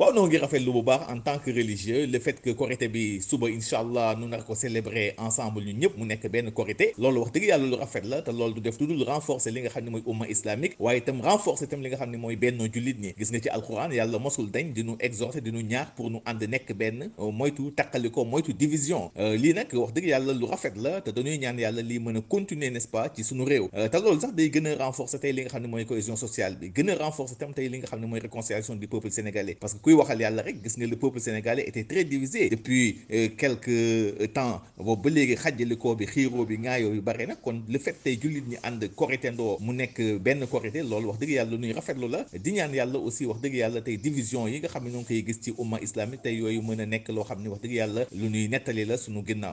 waaw noo ngi rafetlu bu baax en tant que religieux le fait que korité bi suba incha allah nu nar ko célébrer ensemble ñun ñëpp mu nekk benn korité loolu wax dëgg yàlla lu rafet la te loolu du def lu dul li nga xam ne mooy umma islamique waaye itam renforcer itam li nga xam ne mooy bennoo jullit ñi gis nga ci alquran yàlla mosul dañ di nu exhorter di nu ñaax pour nu ànd nekk benn euh, moytu takkaliko moytu division euh, lii nag wax dëgg yàlla lu rafet la te dañuy ñaan yàlla lii mën a continuer nest euh, a renforcer tey li nga xam ne mooy cohésion sociale bi gën nga xam ne mooy réconciliation du peuple kuy waxal yàlla rek gis nga le peuple sénégalais était très divisé depuis euh, quelque euh, temps boobu ba léegi xàjjalikoo bi xiiroo bi ŋaayoo bi bare na kon le fait tey jullit ñi ànd koritendoo mu nekk benn korité lool wax dëgg yàlla lu ñuy rafetlu la di ñaan yàlla aussi wax dëgg yàlla tey division yi nga xam ne ñoo ngi koy gis ci umma islamique tey yooyu mën a nekk loo xam ne wax dëgg yàlla lu ñuy nettali la suñu ginnaaw